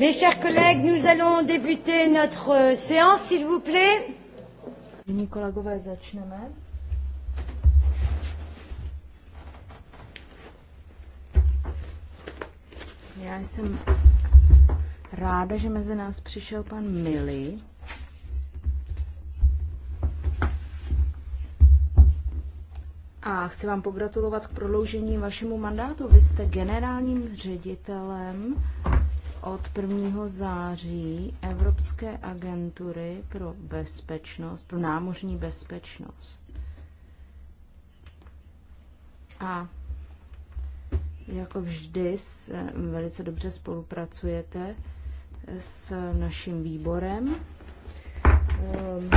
Mes chers collègues, nous allons débuter notre euh, séance, s'il vous plaît. Nyní kolegové Já jsem ráda, že mezi nás přišel pan Mili. A chci vám pogratulovat k prodloužení vašemu mandátu. Vy jste generálním ředitelem od 1. září Evropské agentury pro bezpečnost, pro námořní bezpečnost. A jako vždy eh, velice dobře spolupracujete s naším výborem. Ehm,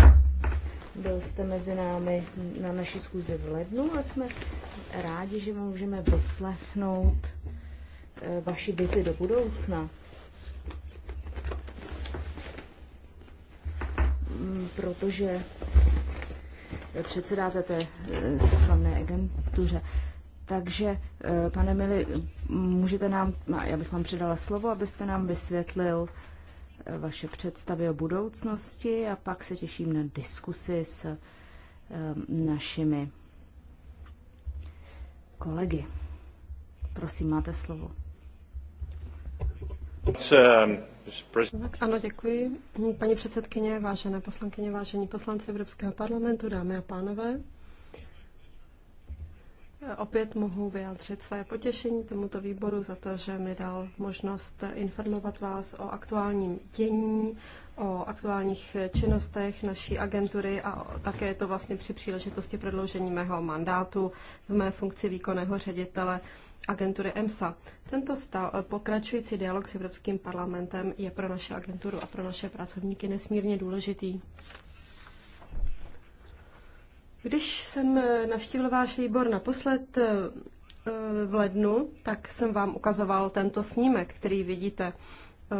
byl jste mezi námi na naší schůzi v lednu a jsme rádi, že můžeme vyslechnout eh, vaši vizi do budoucna. Mm, protože předsedáte té eh, slavné agentuře. Takže, eh, pane Mili, můžete nám, no, já bych vám předala slovo, abyste nám vysvětlil eh, vaše představy o budoucnosti a pak se těším na diskusy s našimi kolegy. Prosím, máte slovo. Um, ano, děkuji. Paní předsedkyně, vážené poslankyně, vážení poslanci Evropského parlamentu, dámy a pánové. Opět mohu vyjádřit své potěšení tomuto výboru za to, že mi dal možnost informovat vás o aktuálním dění, o aktuálních činnostech naší agentury a také je to vlastně při příležitosti prodloužení mého mandátu v mé funkci výkonného ředitele agentury EMSA. Tento stav, eh, pokračující dialog s Evropským parlamentem je pro naše agenturu a pro naše pracovníky nesmírně důležitý. Když jsem eh, navštívil váš výbor naposled eh, v lednu, tak jsem vám ukazoval tento snímek, který vidíte.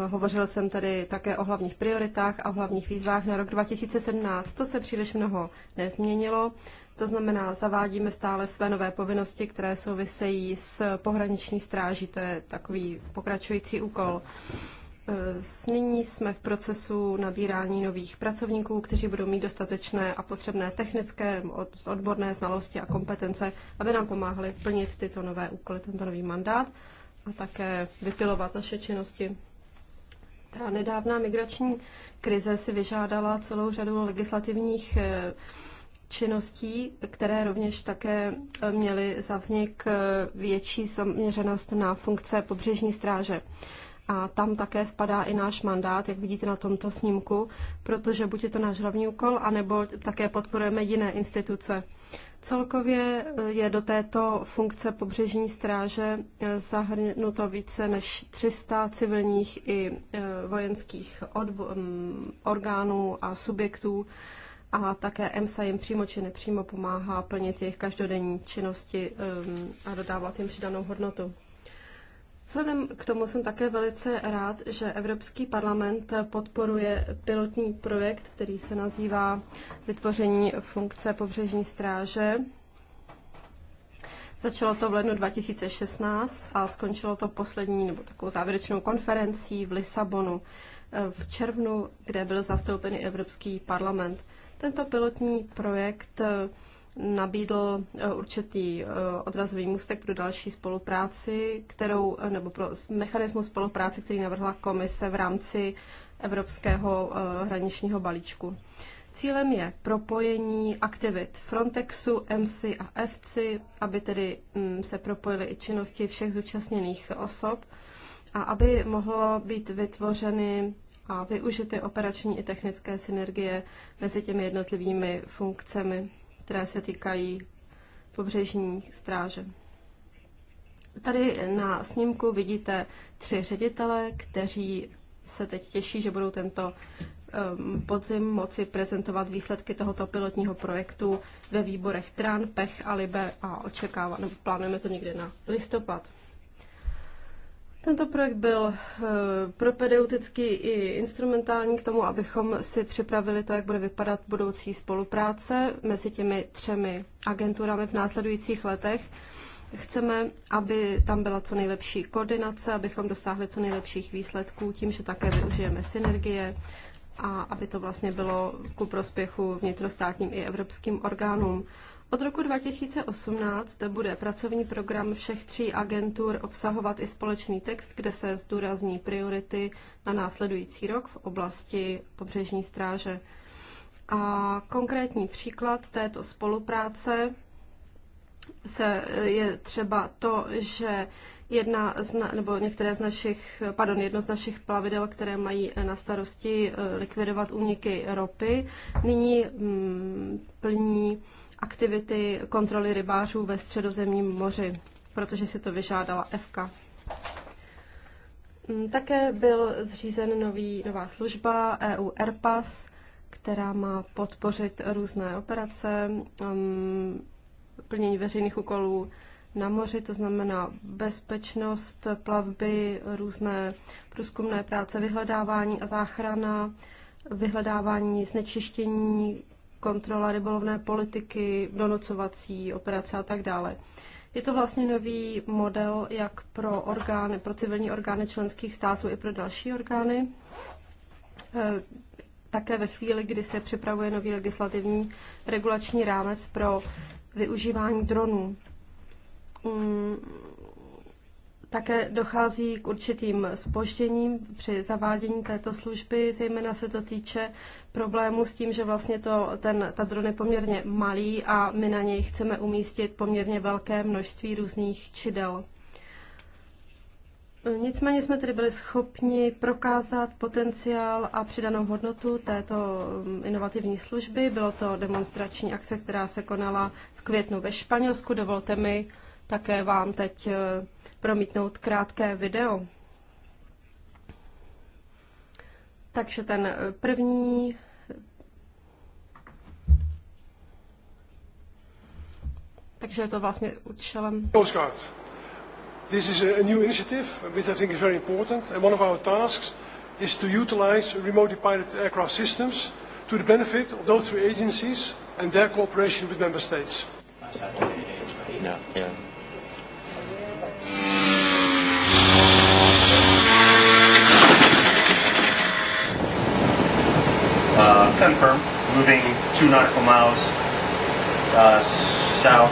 Hovořil jsem tedy také o hlavních prioritách a o hlavních výzvách na rok 2017. To se příliš mnoho nezměnilo. To znamená, zavádíme stále své nové povinnosti, které souvisejí s pohraniční stráží. To je takový pokračující úkol. E, nyní jsme v procesu nabírání nových pracovníků, kteří budou mít dostatečné a potřebné technické, odborné znalosti a kompetence, aby nám pomáhali plnit tyto nové úkoly, tento nový mandát a také vypilovat naše činnosti. Ta nedávná migrační krize si vyžádala celou řadu legislativních e, činností, které rovněž také e, měly za vznik e, větší zaměřenost na funkce pobřežní stráže. A tam také spadá i náš mandát, jak vidíte na tomto snímku, protože buď je to náš hlavní úkol, anebo také podporujeme jiné instituce. Celkově e, je do této funkce pobřežní stráže zahrnuto více než 300 civilních i vojenských orgánů a subjektů a také EMSA jim přímo či nepřímo pomáhá plnit jejich každodenní činnosti um, a dodávat jim přidanou hodnotu. Vzhledem k tomu jsem také velice rád, že Evropský parlament podporuje pilotní projekt, který se nazývá Vytvoření funkce pobřežní stráže. Začalo to v lednu 2016 a skončilo to poslední nebo takovou závěrečnou konferencí v Lisabonu eh, v červnu, kde byl zastoupen Evropský parlament. Tento pilotní projekt eh, nabídl eh, určitý eh, odrazový můstek pro další spolupráci, kterou, nebo pro mechanismus spolupráce, který navrhla komise v rámci Evropského hraničního balíčku. Cílem je propojení aktivit Frontexu, MC a FC, aby tedy mm, se propojily i činnosti všech zúčastněných osob a aby mohlo být vytvořeny a využity operační i technické synergie mezi těmi jednotlivými funkcemi, které se týkají pobřežní stráže. Tady na snímku vidíte tři ředitele, kteří se teď těší, že budou tento um, podzim moci prezentovat výsledky tohoto pilotního projektu ve výborech TRAN, PECH a LIBE a očekává, nebo plánujeme to někde na listopad. Tento projekt byl eh, propedeutický i instrumentální k tomu, abychom si připravili to, jak bude vypadat budoucí spolupráce mezi těmi třemi agenturami v následujících letech. Chceme, aby tam byla co nejlepší koordinace, abychom dosáhli co nejlepších výsledků tím, že také využijeme synergie a aby to vlastně bylo ku prospěchu vnitrostátním i evropským orgánům. Od roku 2018 bude pracovní program všech tří agentur obsahovat i společný text, kde se zdůrazní priority na následující rok v oblasti pobřežní stráže. A konkrétní příklad této spolupráce se je třeba to, že jedna z na, nebo některé z našich, pardon, jedno z našich plavidel, které mají na starosti eh, likvidovat úniky ropy, nyní mm, plní aktivity kontroly rybářů ve středozemním moři, protože si to vyžádala FK. Mm, také byl zřízen nový, nová služba EU Airpass, která má podpořit různé operace, um, plnění veřejných úkolů na moři, to znamená bezpečnost plavby, různé průzkumné práce, vyhledávání a záchrana, vyhledávání znečištění kontrola rybolovné politiky, donocovací operace a tak dále. Je to vlastně nový model jak pro orgány, pro civilní orgány členských států i pro další orgány. E, také ve chvíli, kdy se připravuje nový legislativní regulační rámec pro využívání dronů. Mm, také dochází k určitým spožděním při zavádění této služby, zejména se to týče problému s tím, že vlastně to, ten, ta dron je poměrně malý a my na něj chceme umístit poměrně velké množství různých čidel. Nicméně jsme tedy byli schopni prokázat potenciál a přidanou hodnotu této mm, inovativní služby. Bylo to demonstrační akce, která se konala v květnu ve Španělsku. Dovolte mi také vám teď eh, promítnout krátké video. Takže ten eh, první Takže je to vlastně účelem. Coast This is a new initiative which I think is very important and one of our tasks is to utilize remotely piloted aircraft systems to the benefit of those three agencies and their cooperation with member states. No, yeah. uh, confirm, moving two nautical miles uh, south.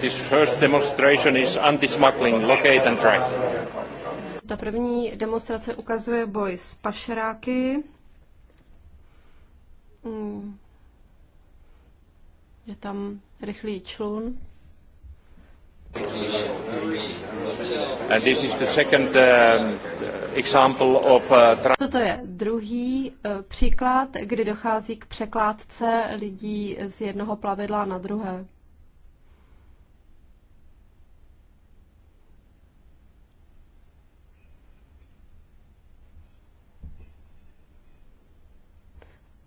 This first demonstration is anti-smuggling, locate and track. Ta první demonstrace ukazuje boj s pašeráky. Mm. Je tam rychlý člun. And this is the second um, example of uh, Toto je druhý uh, příklad, kdy dochází k překládce lidí z jednoho plavidla na druhé.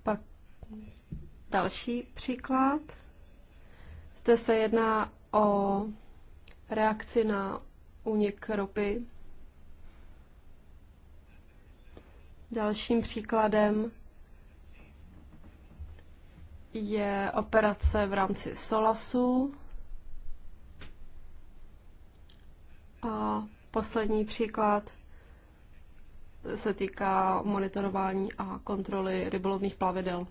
Pak další příklad. Zde se jedná o reakci na únik ropy. Dalším příkladem je operace v rámci SOLASu. A poslední příklad se týká monitorování a kontroly rybolovných plavidel.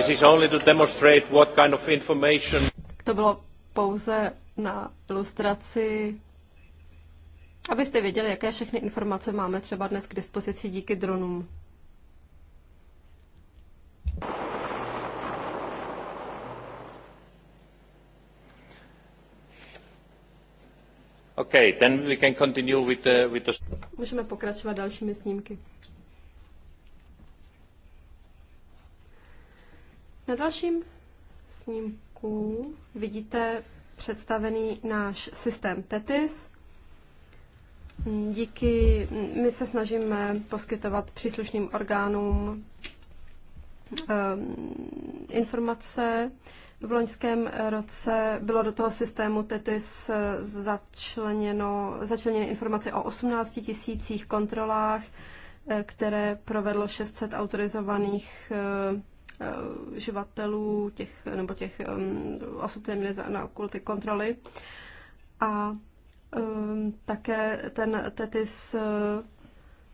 This is only to demonstrate what kind of information. To bylo pouze na ilustraci, abyste věděli, jaké všechny informace máme třeba dnes k dispozici díky dronům. Okay, then we can continue with the, with the... Můžeme pokračovat dalšími snímky. Na dalším snímku vidíte představený náš systém TETIS. Díky, my se snažíme poskytovat příslušným orgánům ehm, informace. V loňském roce bylo do toho systému TETIS začleněno, začleněny informace o 18 tisících kontrolách, eh, které provedlo 600 autorizovaných eh, Eh, živatelů, těch, nebo těch osob, které měly na okolo ty kontroly. A um, také ten TETIS eh,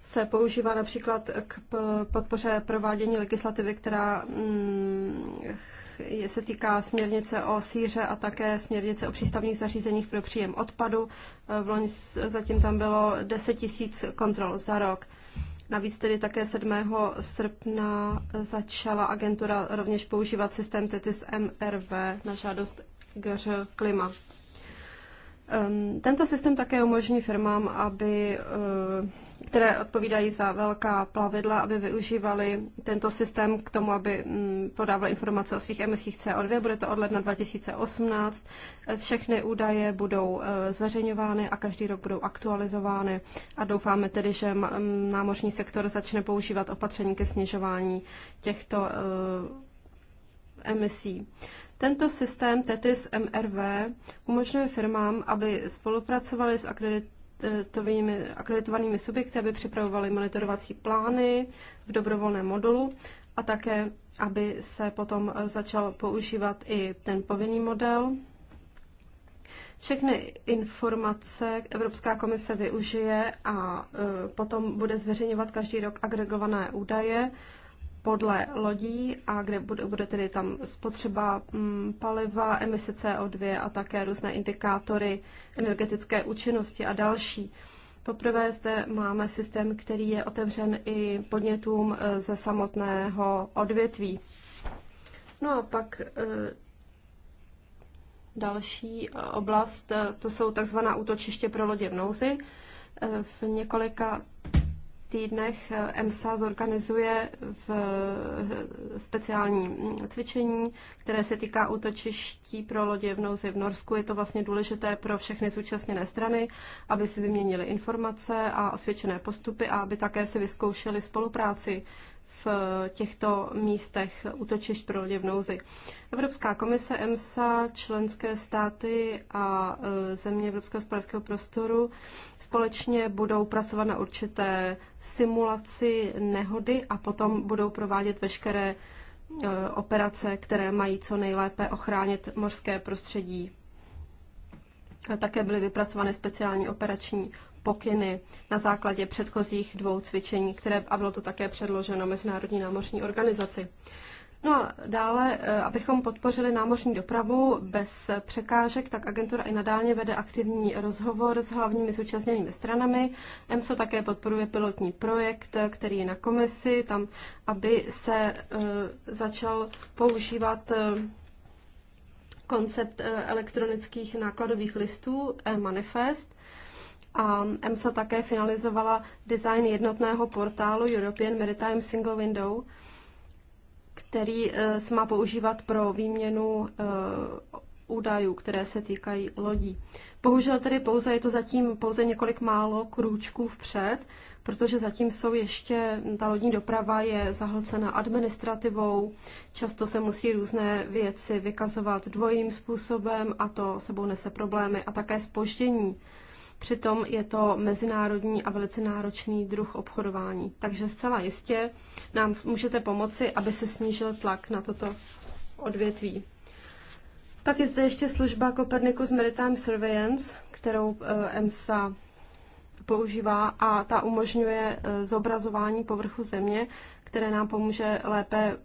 se používá například k podpoře provádění legislativy, která um, se týká směrnice o síře a také směrnice o přístavních zařízeních pro příjem odpadu. Eh, v loni zatím tam bylo 10 000 kontrol za rok. Navíc tedy také 7. srpna začala agentura rovněž používat systém TETIS MRV na žádost GŘ Klima. Ehm, tento systém také umožní firmám, aby eh, které odpovídají za velká plavidla, aby využívali tento systém k tomu, aby mm, podávali informace o svých emisích CO2. Bude to od ledna 2018. Všechny údaje budou e, zveřejňovány a každý rok budou aktualizovány a doufáme tedy, že námořní sektor začne používat opatření ke snižování těchto e, emisí. Tento systém TETIS MRV umožňuje firmám, aby spolupracovali s akreditovanými akreditovanými, akreditovanými subjekty, aby připravovali monitorovací plány v dobrovolném modulu a také, aby se potom eh, začal používat i ten povinný model. Všechny informace Evropská komise využije a eh, potom bude zveřejňovat každý rok agregované údaje podle lodí a kde bude, bude tedy tam spotřeba mm, paliva, emise CO2 a také různé indikátory energetické účinnosti a další. Poprvé zde máme systém, který je otevřen i podnětům e, ze samotného odvětví. No a pak e, další oblast, e, to jsou takzvaná útočiště pro lodě v nouzi. V několika týdnech EMSA eh, zorganizuje v eh, speciální cvičení, které se týká útočiští pro lodě v nouzi v Norsku. Je to vlastně důležité pro všechny zúčastněné strany, aby si vyměnili informace a osvědčené postupy a aby také si vyzkoušeli spolupráci v eh, těchto místech útočišť pro lidi v nouzi. Evropská komise, EMSA, členské státy a eh, země Evropského společenského prostoru společně budou pracovat na určité simulaci nehody a potom budou provádět veškeré eh, operace, které mají co nejlépe ochránit mořské prostředí. Také byly vypracovány speciální operační pokyny na základě předchozích dvou cvičení, které, a bylo to také předloženo Mezinárodní námořní organizaci. No a dále, e, abychom podpořili námořní dopravu bez překážek, tak agentura i nadále vede aktivní rozhovor s hlavními zúčastněnými stranami. EMSO také podporuje pilotní projekt, e, který je na komisi, tam, aby se e, začal používat koncept elektronických nákladových listů, e-manifest, a EMSA také finalizovala design jednotného portálu European Maritime Single Window, který eh, se má používat pro výměnu eh, údajů, které se týkají lodí. Bohužel tedy pouze je to zatím pouze několik málo krůčků vpřed, protože zatím jsou ještě, ta lodní doprava je zahlcena administrativou, často se musí různé věci vykazovat dvojím způsobem a to sebou nese problémy a také spoždění Přitom je to mezinárodní a velice náročný druh obchodování. Takže zcela jistě nám můžete pomoci, aby se snížil tlak na toto odvětví. Pak je zde ještě služba Copernicus Maritime Surveillance, kterou eh, EMSA používá a ta umožňuje eh, zobrazování povrchu země, které nám pomůže lépe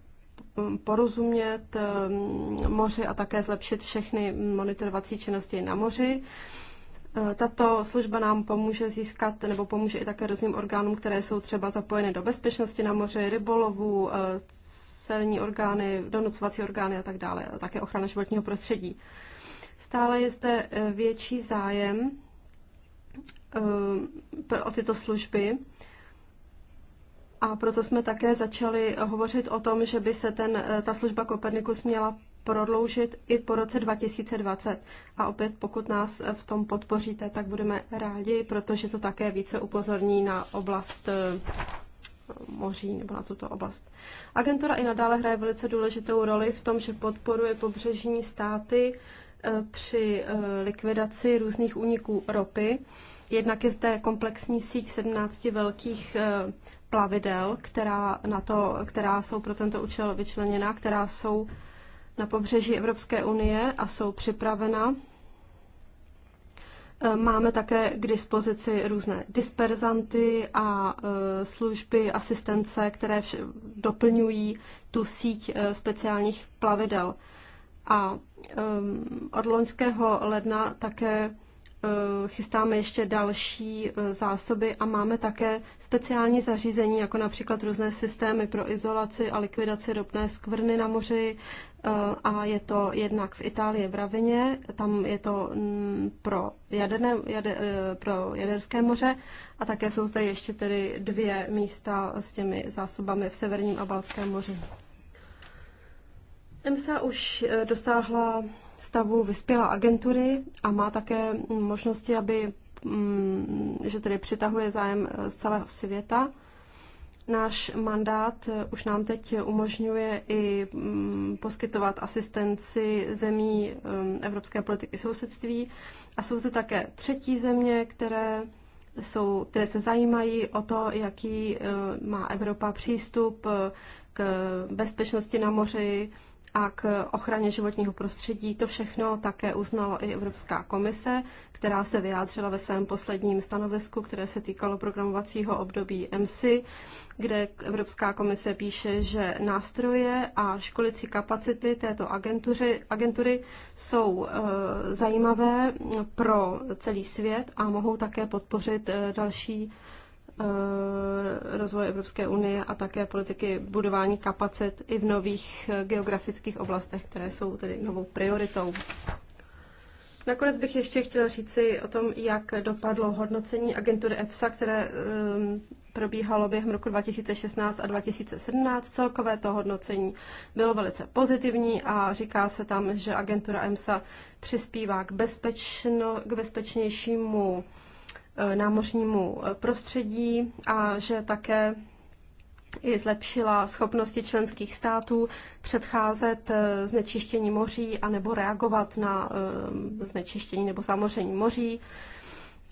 hm, porozumět hm, moři a také zlepšit všechny monitorovací činnosti na moři. Eh, tato služba nám pomůže získat nebo pomůže i také různým orgánům, které jsou třeba zapojeny do bezpečnosti na moři, rybolovu, eh, celní orgány, donucovací orgány a tak dále, a také ochrana životního prostředí. Stále je zde eh, větší zájem o tyto služby. A proto jsme také začali hovořit o tom, že by se ten, ta služba Kopernikus měla prodloužit i po roce 2020. A opět, pokud nás v tom podpoříte, tak budeme rádi, protože to také více upozorní na oblast eh, moří nebo na tuto oblast. Agentura i nadále hraje velice důležitou roli v tom, že podporuje pobřežní státy eh, při eh, likvidaci různých úniků ropy. Jednak je zde komplexní síť 17 velkých plavidel, která, na to, která jsou pro tento účel vyčleněna, která jsou na pobřeží Evropské unie a jsou připravena. E, máme také k dispozici různé disperzanty a e, služby asistence, které doplňují tu síť e, speciálních plavidel. A od loňského ledna také Eh, chystáme ještě další eh, zásoby a máme také speciální zařízení, jako například různé systémy pro izolaci a likvidaci ropné skvrny na moři. Eh, a je to jednak v Itálii v Ravině, tam je to mm, pro, jaderné, jade, pro Jaderské moře a také jsou zde ještě tedy dvě místa s těmi zásobami v Severním a Balském moři. EMSA už dosáhla stavu vyspělé agentury a má také možnosti, aby, mm, že tedy přitahuje zájem eh, z celého světa. Náš mandát eh, už nám teď umožňuje i mm, poskytovat asistenci zemí eh, evropské politiky sousedství. A jsou zde také třetí země, které, jsou, které se zajímají o to, jaký má Evropa přístup k bezpečnosti na moři, a k ochraně životního prostředí. To všechno také uznala i Evropská komise, která se vyjádřila ve svém posledním stanovisku, které se týkalo programovacího období EMSI, kde Evropská komise píše, že nástroje a školicí kapacity této agentury, agentury jsou e, zajímavé pro celý svět a mohou také podpořit e, další Eh, rozvoje Evropské unie a také politiky budování kapacit i v nových eh, geografických oblastech, které jsou tedy novou prioritou. Nakonec bych ještě chtěla říci o tom, jak dopadlo hodnocení agentury EFSA, které eh, probíhalo během roku 2016 a 2017. Celkové to hodnocení bylo velice pozitivní a říká se tam, že agentura EMSA přispívá k, bezpečno, k bezpečnějšímu námořnímu eh, prostředí a že také i zlepšila schopnosti členských států předcházet eh, znečištění moří a nebo reagovat na eh, znečištění nebo zamoření moří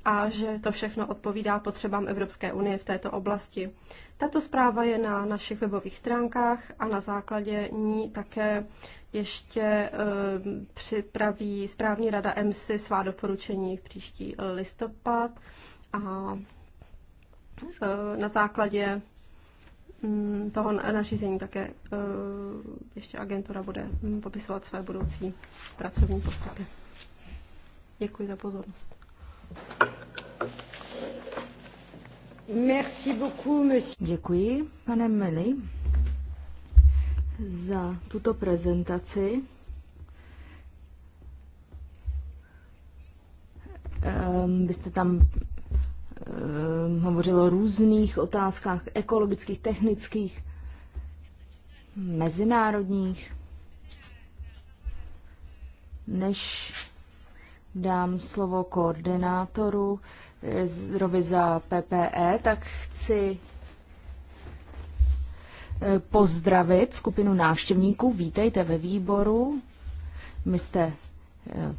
a že to všechno odpovídá potřebám Evropské unie v této oblasti. Tato zpráva je na našich webových stránkách a na základě ní také ještě eh, připraví správní rada EMSI svá doporučení příští eh, listopad a eh, na základě mm, toho nařízení také ještě agentura bude mm, popisovat své budoucí pracovní postupy. Děkuji za pozornost. Merci beaucoup, monsieur. Děkuji, pane Meli za tuto prezentaci. Ehm, vy jste tam ehm, hovořilo o různých otázkách ekologických, technických, mezinárodních. Než dám slovo koordinátoru eh, Rovi za PPE, tak chci pozdravit skupinu návštěvníků. Vítejte ve výboru. My jste eh,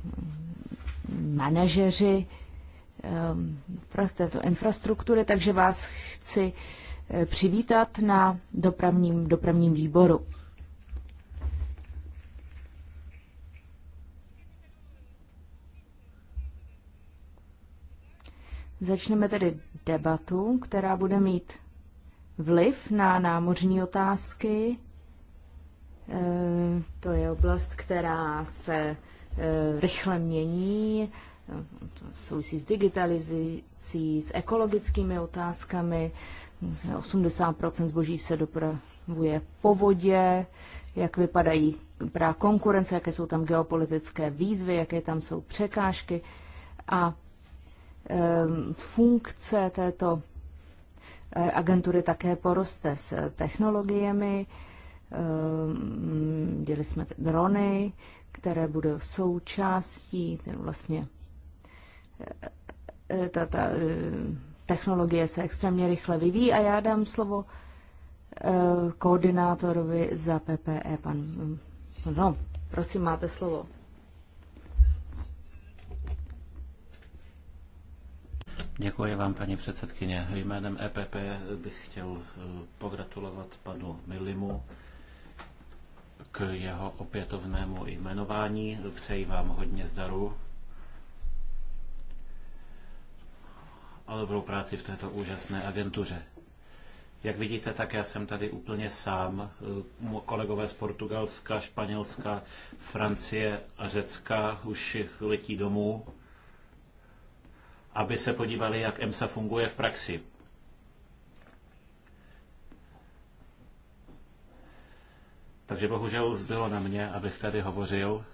manažeři eh, této infrastruktury, takže vás chci eh, přivítat na dopravním, dopravním výboru. Začneme tedy debatu, která bude mít vliv na námořní otázky. E, to je oblast, která se e, rychle mění, to souvisí s digitalizací, s ekologickými otázkami. 80% zboží se dopravuje po vodě, jak vypadají právě konkurence, jaké jsou tam geopolitické výzvy, jaké tam jsou překážky a e, funkce této Eh, agentury také poroste s eh, technologiemi. Eh, Děli jsme drony, které budou součástí, vlastně ta, ta technologie se extrémně rychle vyvíjí a já dám slovo koordinátorovi za PPE, pan, no, prosím, máte slovo. Děkuji vám, paní předsedkyně. Jménem EPP bych chtěl eh, pogratulovat panu Milimu k jeho opětovnému jmenování. Přeji vám hodně zdaru a dobrou práci v této úžasné agentuře. Jak vidíte, tak já jsem tady úplně sám. Eh, kolegové z Portugalska, Španělska, Francie a Řecka už letí domů aby se podívali, jak EMSA funguje v praxi. Takže bohužel zbylo na mě, abych tady hovořil.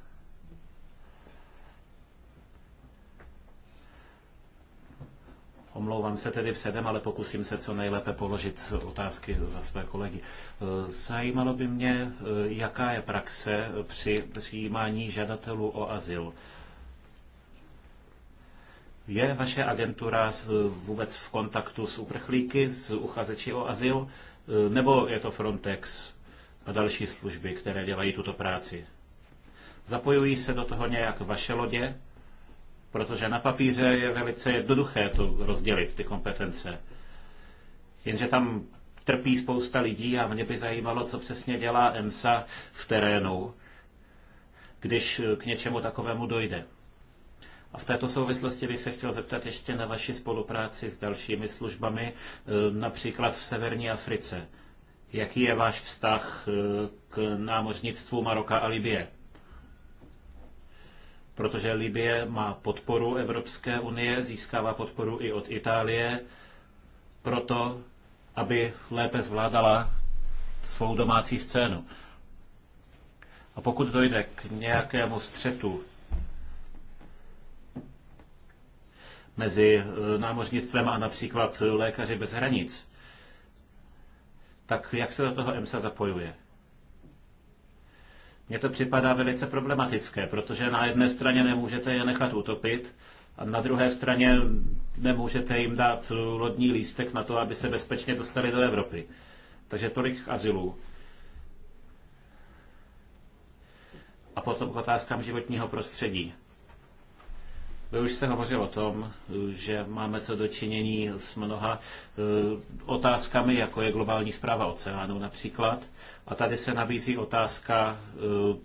Omlouvám se tedy předem, ale pokusím se co nejlépe položit otázky za své kolegy. Zajímalo by mě, jaká je praxe při přijímání žadatelů o azyl. Je vaše agentura vůbec v kontaktu s uprchlíky, s uchazeči o azyl, e, nebo je to Frontex a další služby, které dělají tuto práci? Zapojují se do toho nějak vaše lodě? Protože na papíře je velice jednoduché to rozdělit, ty kompetence. Jenže tam trpí spousta lidí a mě by zajímalo, co přesně dělá EMSA v terénu, když k něčemu takovému dojde. A v této souvislosti bych se chtěl zeptat ještě na vaši spolupráci s dalšími službami, e, například v Severní Africe. Jaký je váš vztah e, k námořnictvu Maroka a Libie? Protože Libie má podporu Evropské unie, získává podporu i od Itálie, proto, aby lépe zvládala svou domácí scénu. A pokud dojde k nějakému střetu mezi eh, námořnictvem a například eh, lékaři bez hranic, tak jak se do toho EMSA zapojuje? Mně to připadá velice problematické, protože na jedné straně nemůžete je nechat utopit a na druhé straně nemůžete jim dát eh, lodní lístek na to, aby se bezpečně dostali do Evropy. Takže tolik azylů. A potom k otázkám životního prostředí. Vy už jste hovořil o tom, že máme co dočinění s mnoha eh, otázkami, jako je globální zpráva oceánu například. A tady se nabízí otázka eh,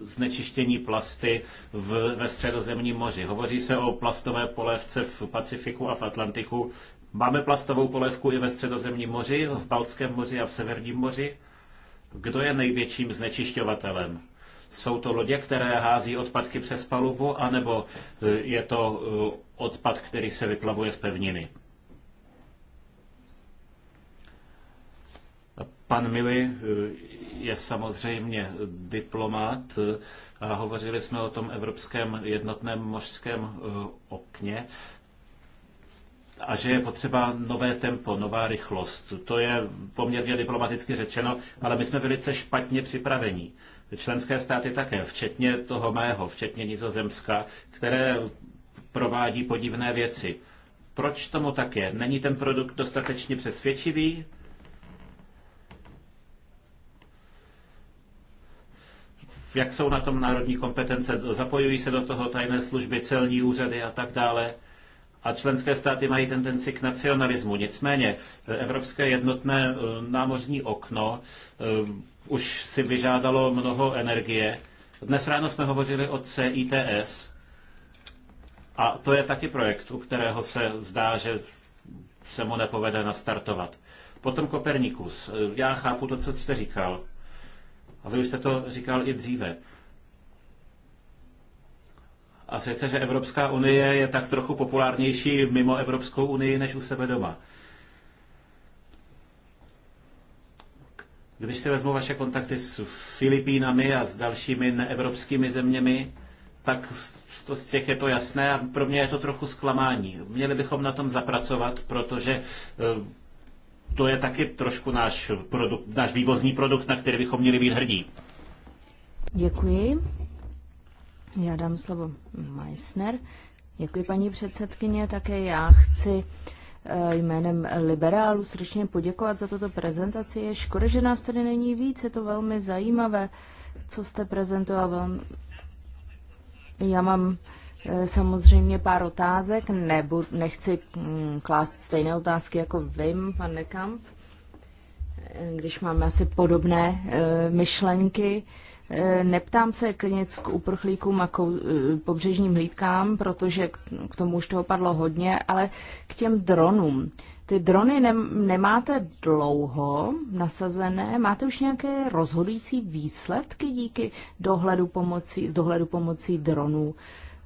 znečištění plasty v, ve středozemním moři. Hovoří se o plastové polévce v Pacifiku a v Atlantiku. Máme plastovou polévku i ve středozemním moři, v Baltském moři a v Severním moři. Kdo je největším znečišťovatelem? Jsou to lodě, které hází odpadky přes palubu, anebo e, je to e, odpad, který se vyplavuje z pevniny? Pan Mili e, je samozřejmě diplomat a hovořili jsme o tom evropském jednotném mořském okně a že je potřeba nové tempo, nová rychlost. To je poměrně diplomaticky řečeno, ale my jsme velice špatně připraveni členské státy také, včetně toho mého, včetně Nizozemska, které provádí podivné věci. Proč tomu tak je? Není ten produkt dostatečně přesvědčivý? Jak jsou na tom národní kompetence? Zapojují se do toho tajné služby, celní úřady a tak dále? a členské státy mají tendenci k nacionalismu. Nicméně Evropské jednotné e, námořní okno e, už si vyžádalo mnoho energie. Dnes ráno jsme hovořili o CITS a to je taky projekt, u kterého se zdá, že se mu nepovede nastartovat. Potom Kopernikus. Já chápu to, co jste říkal. A vy už jste to říkal i dříve. A sice, že Evropská unie je tak trochu populárnější mimo Evropskou unii než u sebe doma. Když si vezmu vaše kontakty s Filipínami a s dalšími neevropskými zeměmi, tak z těch je to jasné a pro mě je to trochu zklamání. Měli bychom na tom zapracovat, protože e, to je taky trošku náš, produkt, náš vývozní produkt, na který bychom měli být hrdí. Děkuji. Já dám slovo Meissner. Děkuji, paní předsedkyně. Také já chci Eh, jménem liberálu srdečně poděkovat za tuto prezentaci. Je škoda, že nás tady není víc, je to velmi zajímavé, co jste prezentoval. Já mám eh, samozřejmě pár otázek, nebo nechci mm, klást stejné otázky jako vy, pan Nekamp, eh, když máme asi podobné myšlenky. Eh, neptám se k k uprchlíkům a k eh, pobřežním hlídkám, protože k tomu už toho padlo hodně, ale k těm dronům. Ty drony ne, nemáte dlouho nasazené, máte už nějaké rozhodující výsledky díky dohledu pomocí, z dohledu pomocí dronů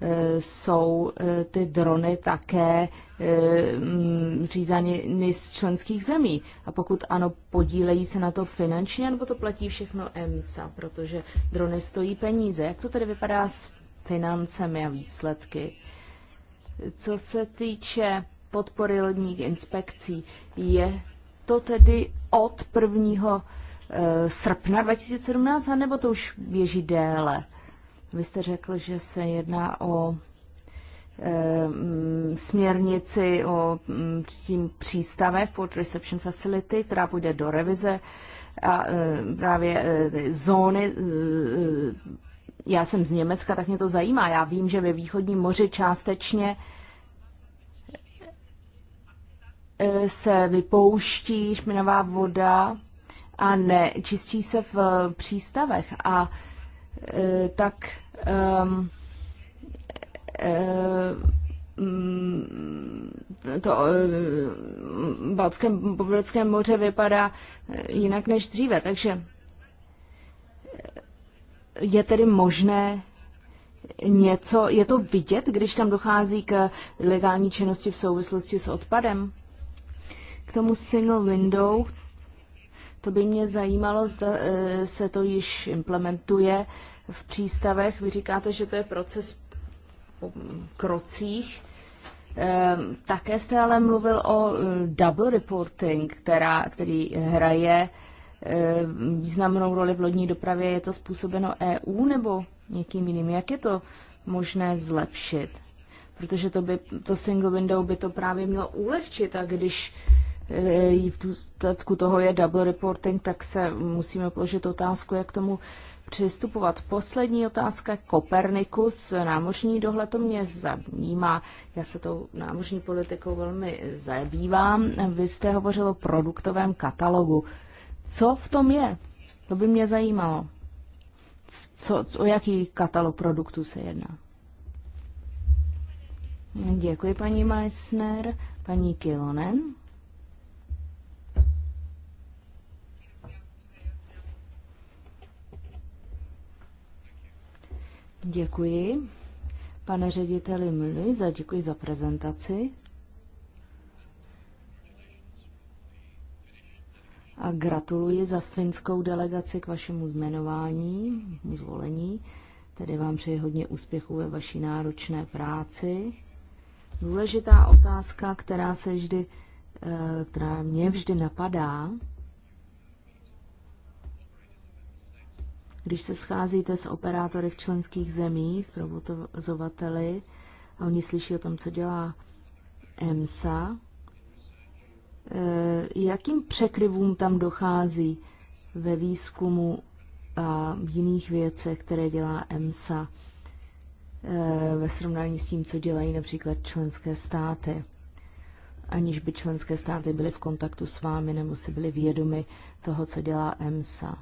Eh, jsou eh, ty drony také eh, mm, řízeny z členských zemí. A pokud ano, podílejí se na to finančně, nebo to platí všechno EMSA, protože drony stojí peníze. Jak to tedy vypadá s financemi a výsledky? Co se týče podpory lodních inspekcí, je to tedy od 1. srpna 2017, nebo to už běží déle? Vy jste řekl, že se jedná o eh, mm, směrnici o mm, tím přístavech Port Reception Facility, která půjde do revize a eh, právě eh, zóny. Já jsem z Německa, tak mě to zajímá. Já vím, že ve východním moři částečně se vypouští šminová voda a nečistí se v přístavech. A Eh, tak um, to Balcké, eh, Balcké moře vypadá jinak než dříve. Takže je tedy možné něco, je to vidět, když tam dochází k legální činnosti v souvislosti s odpadem? K tomu single window to by mě zajímalo, zda e, se to již implementuje v přístavech. Vy říkáte, že to je proces krocích. E, také jste ale mluvil o e, double reporting, která, který hraje významnou roli v lodní dopravě. Je to způsobeno EU nebo někým jiným? Jak je to možné zlepšit? Protože to, by, to single window by to právě mělo ulehčit a když Eh, v důsledku toho je double reporting, tak se musíme položit otázku, jak tomu přistupovat. Poslední otázka Kopernikus, námořní dohled, to mě zajímá. Já se tou námořní politikou velmi zabývám. Vy jste hovořil o produktovém katalogu. Co v tom je? To by mě zajímalo. Co, o jaký katalog produktů se jedná? Děkuji, paní Meissner. Paní Kilonen. Děkuji. Pane řediteli za děkuji za prezentaci. A gratuluji za finskou delegaci k vašemu zmenování, zvolení. Tedy vám přeji hodně úspěchů ve vaší náročné práci. Důležitá otázka, která se vždy, eh, která mě vždy napadá, Když se scházíte s operátory v členských zemích, s provozovateli, a oni slyší o tom, co dělá EMSA, eh, jakým překryvům tam dochází ve výzkumu a jiných věcech, které dělá EMSA eh, ve srovnání s tím, co dělají například členské státy? aniž by členské státy byly v kontaktu s vámi nebo si byly vědomi toho, co dělá EMSA.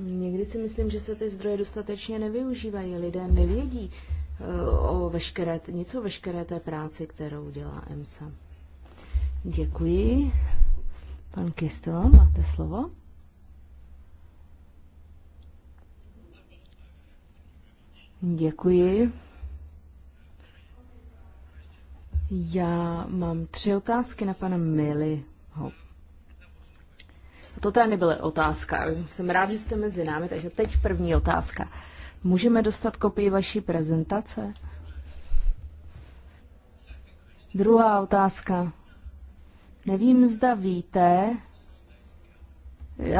Někdy si myslím, že se ty zdroje dostatečně nevyužívají. Lidé nevědí eh, o veškeré, něco o veškeré té práci, kterou dělá EMSA. Děkuji. Pan Kistela, máte slovo? Děkuji. Já mám tři otázky na pana Miliho. To tady nebyla otázka. Jsem rád, že jste mezi námi, takže teď první otázka. Můžeme dostat kopii vaší prezentace? Druhá otázka. Nevím, zda víte,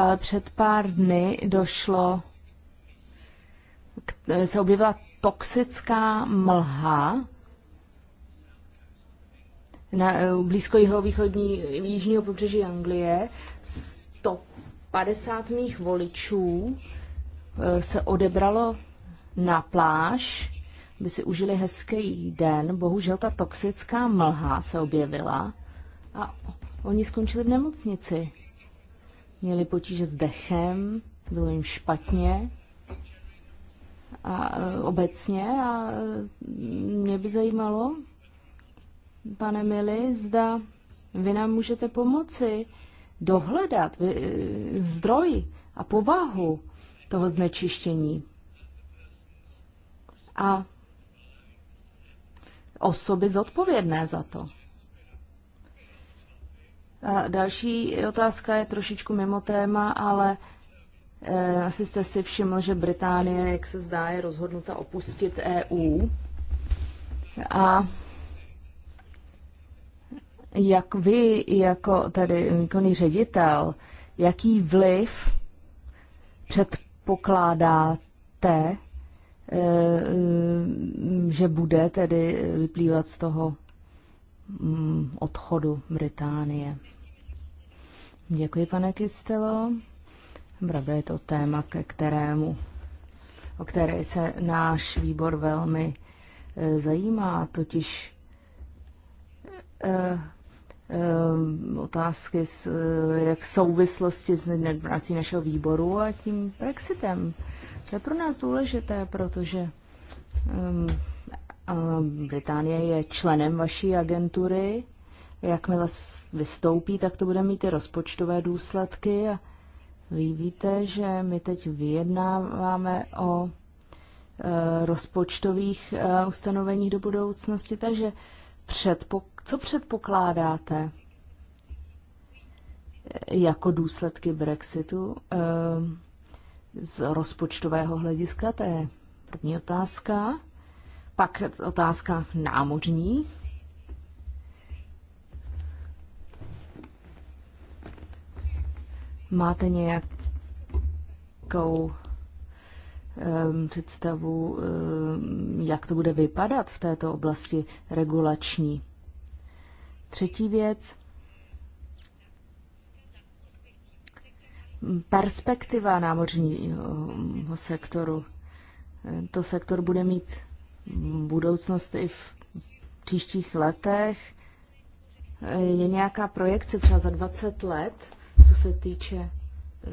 ale před pár dny došlo, se objevila toxická mlha na blízko jihovýchodní jižního pobřeží Anglie 50 mých voličů eh, se odebralo na pláž, by si užili hezký den. Bohužel ta toxická mlha se objevila a oni skončili v nemocnici. Měli potíže s dechem, bylo jim špatně a eh, obecně a eh, mě by zajímalo, pane Mili, zda vy nám můžete pomoci dohledat eh, zdroj a povahu toho znečištění. A osoby zodpovědné za to. A další otázka je trošičku mimo téma, ale eh, asi jste si všiml, že Británie, jak se zdá, je rozhodnuta opustit EU. A jak vy, jako tady výkonný ředitel, jaký vliv předpokládáte, eh, eh, že bude tedy vyplývat z toho mm, odchodu Británie. Děkuji, pane Kistelo. Pravda je to téma, ke kterému, o které se náš výbor velmi eh, zajímá, totiž Ehm, otázky, s, eh, jak souvislosti vznikne prací našeho výboru a tím Brexitem. To je pro nás důležité, protože um, Británie je členem vaší agentury. Jakmile vystoupí, tak to bude mít i rozpočtové důsledky. A vy víte, že my teď vyjednáváme o eh, rozpočtových eh, ustanoveních do budoucnosti, takže předpo, co předpokládáte eh, jako důsledky Brexitu eh, z rozpočtového hlediska? To je první otázka. Pak otázka námořní. Máte nějakou Ehm, představu, ehm, jak to bude vypadat v této oblasti regulační. Třetí věc. Perspektiva námořního sektoru. Ehm, to sektor bude mít budoucnost i v příštích letech. Je nějaká projekce třeba za 20 let, co se týče Eh,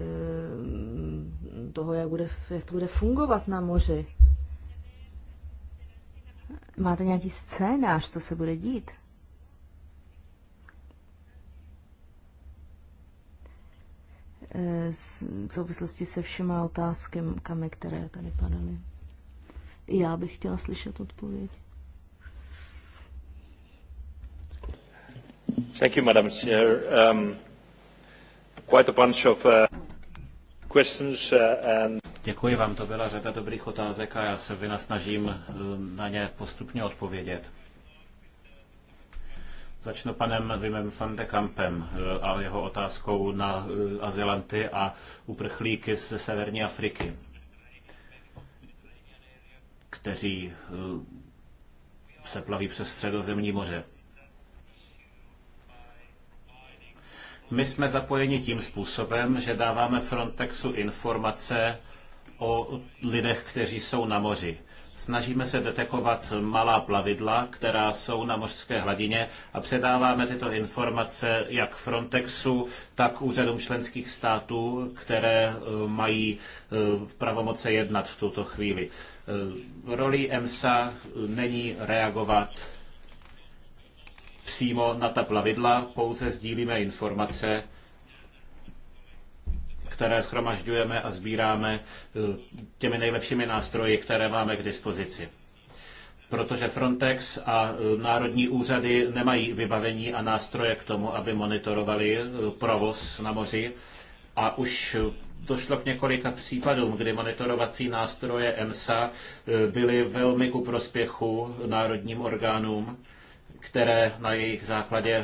toho, jak, bude, jak to bude fungovat na moři. Máte nějaký scénář, co se bude dít? Eh, v souvislosti se všema otázkami, které tady padaly. Já bych chtěla slyšet odpověď. Thank you, Madam Chair. Um... Uh, uh, Děkuji vám, to byla řada dobrých otázek a já se vynasnažím um, na ně postupně odpovědět. Začnu panem Vimem van de Kampem uh, a jeho otázkou na azylanty a uprchlíky ze severní Afriky, kteří se plaví přes středozemní moře. My jsme zapojeni tím způsobem, že dáváme Frontexu informace o lidech, kteří jsou na moři. Snažíme se detekovat malá plavidla, která jsou na mořské hladině a předáváme tyto informace jak Frontexu, tak úřadům členských států, které eh, mají eh, pravomoce jednat v tuto chvíli. Eh, Rolí EMSA není reagovat přímo na ta plavidla, pouze sdílíme informace, které schromažďujeme a sbíráme eh, těmi nejlepšími nástroji, které máme k dispozici. Protože Frontex a eh, národní úřady nemají vybavení a nástroje k tomu, aby monitorovali eh, provoz na moři. A už došlo k několika případům, kdy monitorovací nástroje EMSA byly velmi ku prospěchu národním orgánům které na jejich základě eh,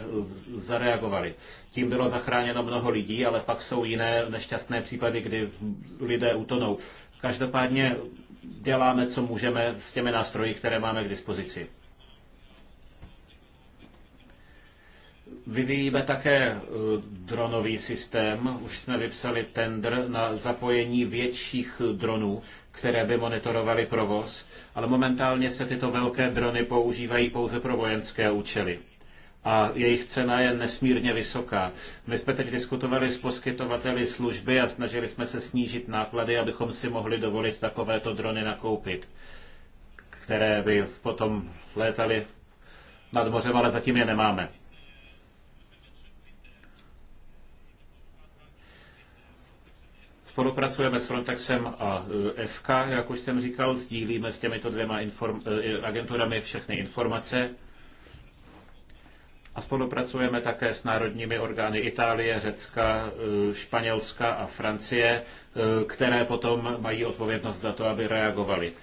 zareagovaly. Tím bylo zachráněno mnoho lidí, ale pak jsou jiné nešťastné případy, kdy lidé utonou. Každopádně děláme, co můžeme s těmi nástroji, které máme k dispozici. Vyvíjíme také eh, dronový systém. Už jsme vypsali tender na zapojení větších dronů, které by monitorovaly provoz, ale momentálně se tyto velké drony používají pouze pro vojenské účely a jejich cena je nesmírně vysoká. My jsme teď diskutovali s poskytovateli služby a snažili jsme se snížit náklady, abychom si mohli dovolit takovéto drony nakoupit, které by potom létaly nad mořem, ale zatím je nemáme. Spolupracujeme s Frontexem a e, FK, jak už jsem říkal, sdílíme s těmito dvěma e, agenturami všechny informace a spolupracujeme také s národními orgány Itálie, Řecka, e, Španělska a Francie, které potom mají odpovědnost za to, aby reagovali.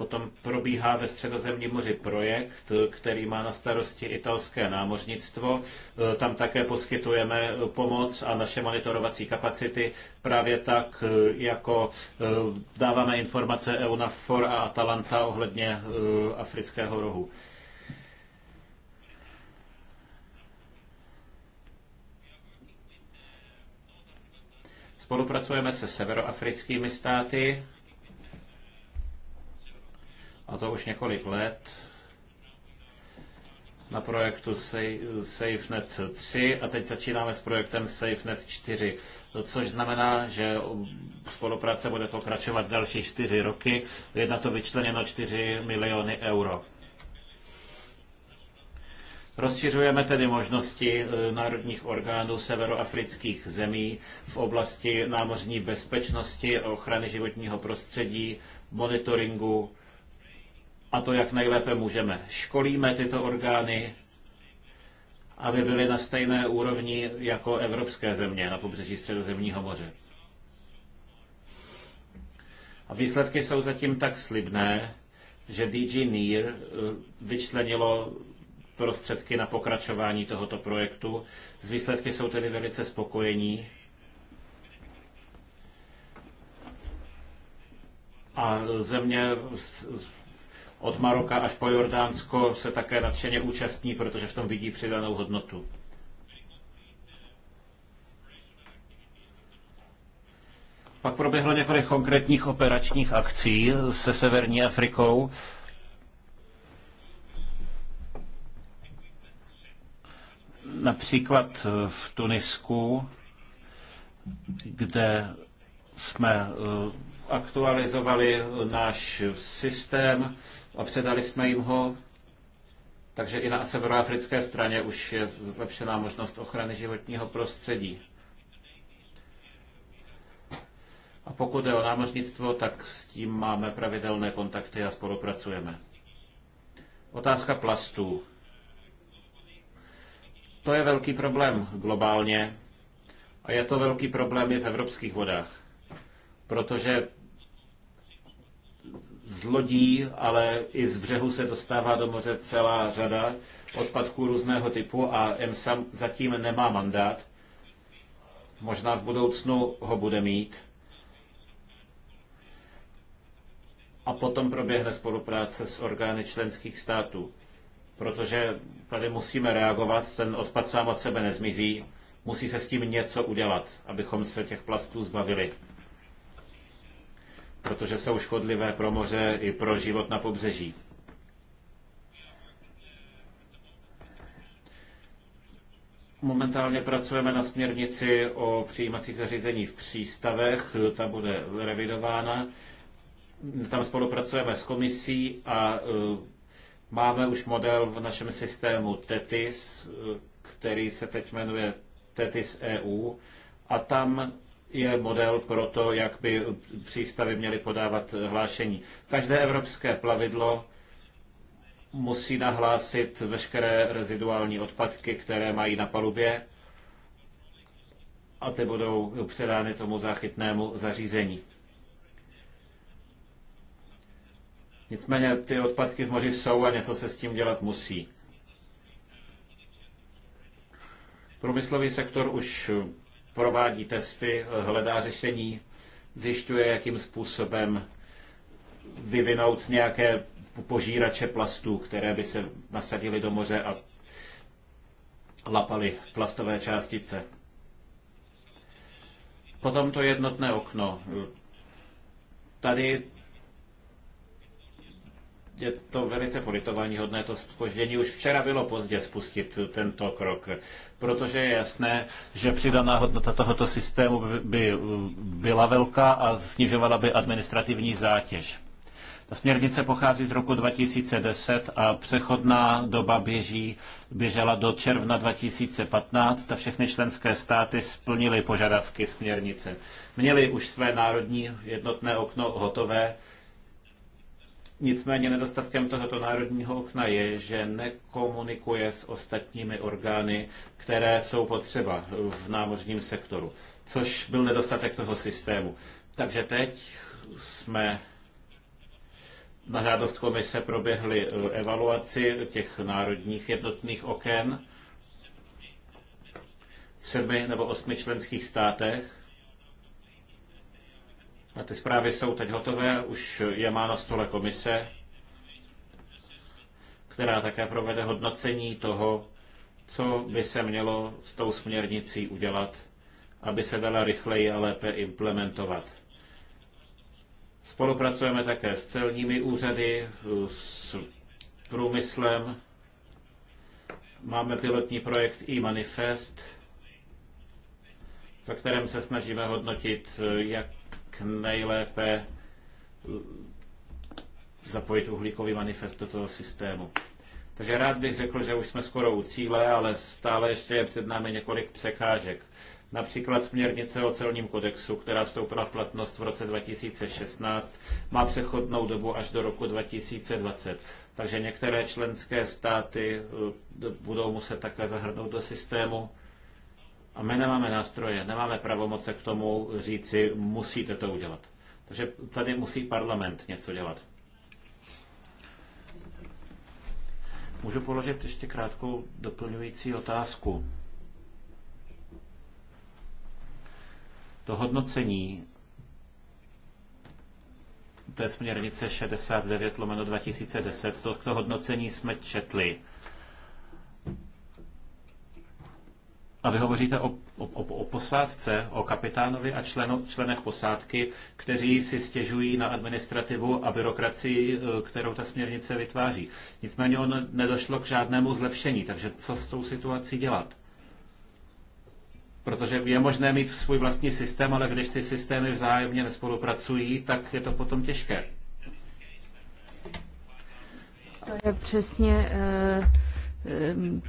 Potom probíhá ve Středozemním moři projekt, který má na starosti italské námořnictvo. E, tam také poskytujeme pomoc a naše monitorovací kapacity, právě tak, e, jako e, dáváme informace EUNAFOR a Atalanta ohledně afrického rohu. Spolupracujeme se severoafrickými státy, to už několik let na projektu SafeNet 3 a teď začínáme s projektem SafeNet 4, což znamená, že spolupráce bude pokračovat další čtyři roky. Je na to vyčleněno 4 miliony euro. Rozšiřujeme tedy možnosti e, národních orgánů severoafrických zemí v oblasti námořní bezpečnosti, ochrany životního prostředí, monitoringu a to, jak nejlépe můžeme. Školíme tyto orgány, aby byly na stejné úrovni jako evropské země na pobřeží Středozemního moře. A výsledky jsou zatím tak slibné, že DG NIR eh, vyčlenilo prostředky na pokračování tohoto projektu. Z výsledky jsou tedy velice spokojení. A země od Maroka až po Jordánsko se také nadšeně účastní, protože v tom vidí přidanou hodnotu. Pak proběhlo několik konkrétních operačních akcí se Severní Afrikou. Například v Tunisku, kde jsme eh, aktualizovali náš systém a předali jsme jim ho. Takže i na severoafrické straně už je zlepšená možnost ochrany životního prostředí. A pokud je o námořnictvo, tak s tím máme pravidelné kontakty a spolupracujeme. Otázka plastů. To je velký problém globálně a je to velký problém i v evropských vodách, protože z lodí, ale i z břehu se dostává do moře celá řada odpadků různého typu a EMSA zatím nemá mandát. Možná v budoucnu ho bude mít. A potom proběhne spolupráce s orgány členských států, protože tady musíme reagovat, ten odpad sám od sebe nezmizí, musí se s tím něco udělat, abychom se těch plastů zbavili protože jsou škodlivé pro moře i pro život na pobřeží. Momentálně pracujeme na směrnici o přijímacích zařízení v přístavech, ta bude revidována. Tam spolupracujeme s komisí a e, máme už model v našem systému TETIS, e, který se teď jmenuje TETIS EU a tam je model pro to, jak by přístavy měly podávat hlášení. Každé evropské plavidlo musí nahlásit veškeré reziduální odpadky, které mají na palubě a ty budou předány tomu záchytnému zařízení. Nicméně ty odpadky v moři jsou a něco se s tím dělat musí. Průmyslový sektor už provádí testy, eh, hledá řešení, zjišťuje, jakým způsobem vyvinout nějaké požírače plastů, které by se nasadily do moře a lapaly plastové částice. Potom to jednotné okno. Tady je to velice politování hodné to spoždění. Už včera bylo pozdě spustit tento krok, protože je jasné, že přidaná hodnota tohoto systému by byla velká a snižovala by administrativní zátěž. Ta směrnice pochází z roku 2010 a přechodná doba běží, běžela do června 2015 a všechny členské státy splnily požadavky směrnice. Měly už své národní jednotné okno hotové, Nicméně nedostatkem tohoto národního okna je, že nekomunikuje s ostatními orgány, které jsou potřeba v námořním sektoru, což byl nedostatek toho systému. Takže teď jsme na žádost komise proběhly evaluaci těch národních jednotných oken v sedmi nebo osmi členských státech ty zprávy jsou teď hotové, už je má na stole komise, která také provede hodnocení toho, co by se mělo s tou směrnicí udělat, aby se dala rychleji a lépe implementovat. Spolupracujeme také s celními úřady, s průmyslem. Máme pilotní projekt e-manifest, ve kterém se snažíme hodnotit, jak jak nejlépe zapojit uhlíkový manifest do toho systému. Takže rád bych řekl, že už jsme skoro u cíle, ale stále ještě je před námi několik překážek. Například směrnice o celním kodexu, která vstoupila v platnost v roce 2016, má přechodnou dobu až do roku 2020. Takže některé členské státy eh, budou muset také zahrnout do systému a my nemáme nástroje, nemáme pravomoce k tomu říci, musíte to udělat. Takže tady musí parlament něco dělat. Můžu položit ještě krátkou doplňující otázku. To hodnocení té směrnice 69 lomeno 2010, to, to hodnocení jsme četli. A vy hovoříte o, o, o posádce, o kapitánovi a členo, členech posádky, kteří si stěžují na administrativu a byrokracii, eh, kterou ta směrnice vytváří. Nicméně on nedošlo k žádnému zlepšení, takže co s tou situací dělat? Protože je možné mít svůj vlastní systém, ale když ty systémy vzájemně nespolupracují, tak je to potom těžké. To je přesně. Uh, um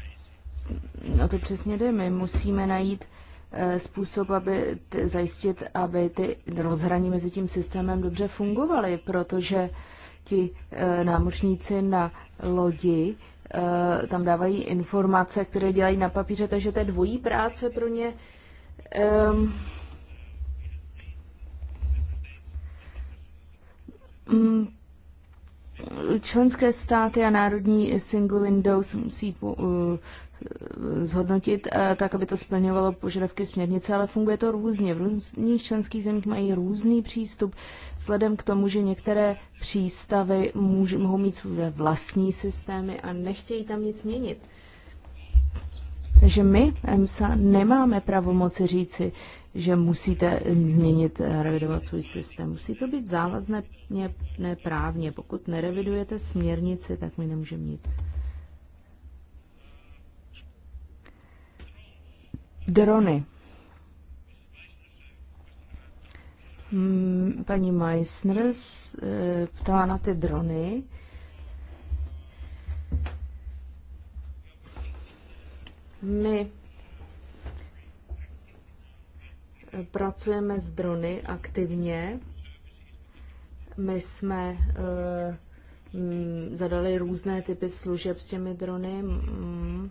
o no to přesně jde. My musíme najít eh, způsob, aby t- zajistit, aby ty rozhraní mezi tím systémem dobře fungovaly, protože ti e, námořníci na lodi e, tam dávají informace, které dělají na papíře, takže to je dvojí práce pro ně. Um, Členské státy a národní single windows musí po, uh, zhodnotit uh, tak, aby to splňovalo požadavky směrnice, ale funguje to různě. V různých členských zemích mají různý přístup, vzhledem k tomu, že některé přístavy můž, mohou mít své vlastní systémy a nechtějí tam nic měnit. Uh, že my, EMSA, nemáme pravomoci říci, že musíte změnit, eh, revidovat svůj systém. Musí to být závazné právně. Pokud nerevidujete směrnici, tak my nemůžeme nic. Drony. Hmm, paní Meissner eh, ptala na ty drony. My pracujeme s drony aktivně. My jsme eh, mm, zadali různé typy služeb s těmi drony. Mm,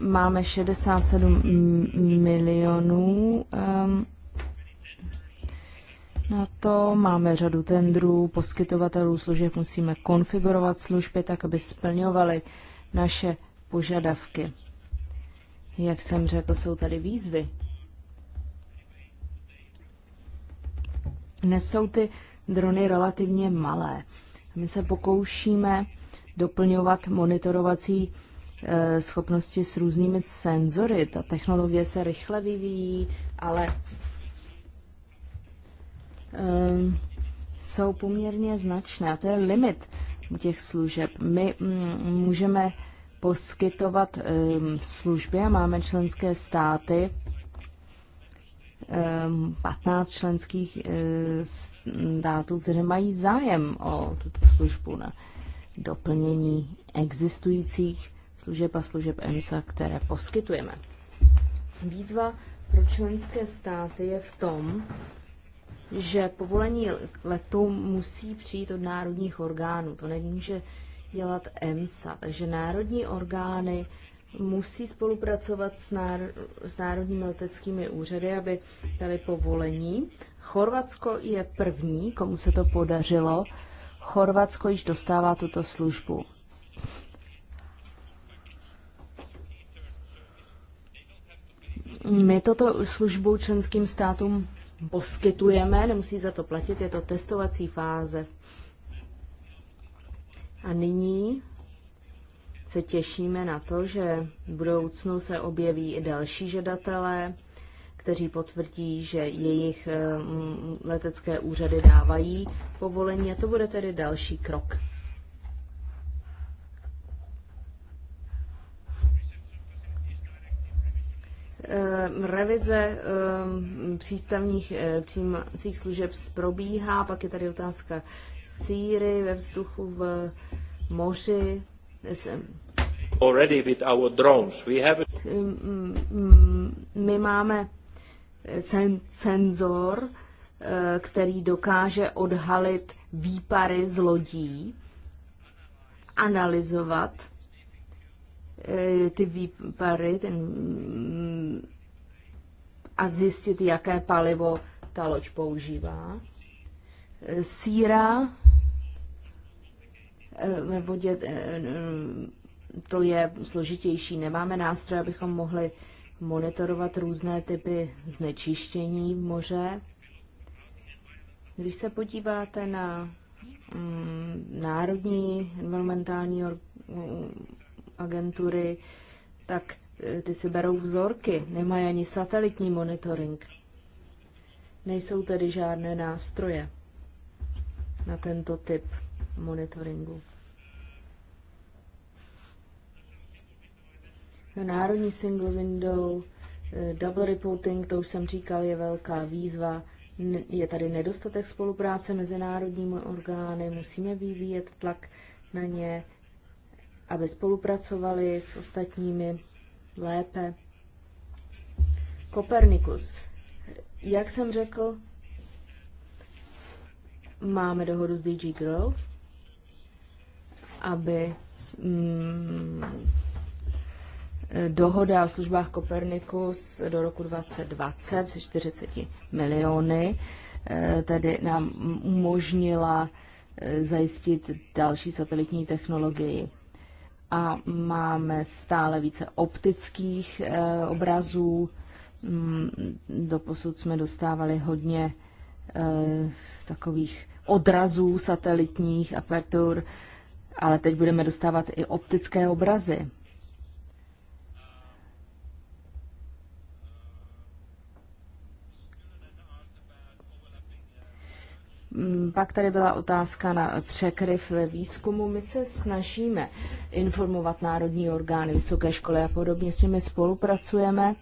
máme 67 milionů ehm, na to. Máme řadu tendrů, poskytovatelů služeb. Musíme konfigurovat služby tak, aby splňovaly naše požadavky. Jak jsem řekl, jsou tady výzvy. Dnes jsou ty drony relativně malé. My se pokoušíme doplňovat monitorovací eh, schopnosti s různými senzory. Ta technologie se rychle vyvíjí, ale um, jsou poměrně značné. A to je limit těch služeb. My mm, můžeme poskytovat služby a máme členské státy, 15 členských eh, států, které mají zájem o tuto službu na doplnění existujících služeb a služeb EMSA, které poskytujeme. Výzva pro členské státy je v tom, že povolení letu musí přijít od národních orgánů. To není, že dělat EMSA. Takže národní orgány musí spolupracovat s, náro- s národními leteckými úřady, aby dali povolení. Chorvatsko je první, komu se to podařilo. Chorvatsko již dostává tuto službu. My toto službu členským státům poskytujeme, nemusí za to platit, je to testovací fáze a nyní se těšíme na to, že v budoucnu se objeví i další žadatelé, kteří potvrdí, že jejich eh, letecké úřady dávají povolení a to bude tedy další krok. Ehm, revize ehm, přístavních eh, přijímacích služeb probíhá, pak je tady otázka síry ve vzduchu, v moři. Already with our drones. We have... Ehm, mm, my máme eh, senzor, eh, který dokáže odhalit výpary z lodí, analyzovat Eh, ty výpary ten, mm, a zjistit, jaké palivo ta loď používá. Eh, síra eh, ve vodě to je složitější. Nemáme nástroje, abychom mohli monitorovat různé typy znečištění moře. Když se podíváte na mm, národní environmentální agentury, tak e, ty si berou vzorky, nemají ani satelitní monitoring. Nejsou tedy žádné nástroje na tento typ monitoringu. No, národní single window, e, double reporting, to už jsem říkal, je velká výzva. Je tady nedostatek spolupráce mezi národními orgány, musíme vyvíjet tlak na ně aby spolupracovali s ostatními lépe. Kopernikus. Jak jsem řekl, máme dohodu s DG Growth, aby mm, dohoda o službách Kopernikus do roku 2020 se 40 miliony eh, tedy nám umožnila eh, zajistit další satelitní technologii a máme stále více optických eh, obrazů. Mm, doposud jsme dostávali hodně eh, takových odrazů satelitních apertur, ale teď budeme dostávat i optické obrazy. Mm, pak tady byla otázka na překryv ve výzkumu. My se snažíme informovat národní orgány, vysoké školy a podobně, s nimi spolupracujeme.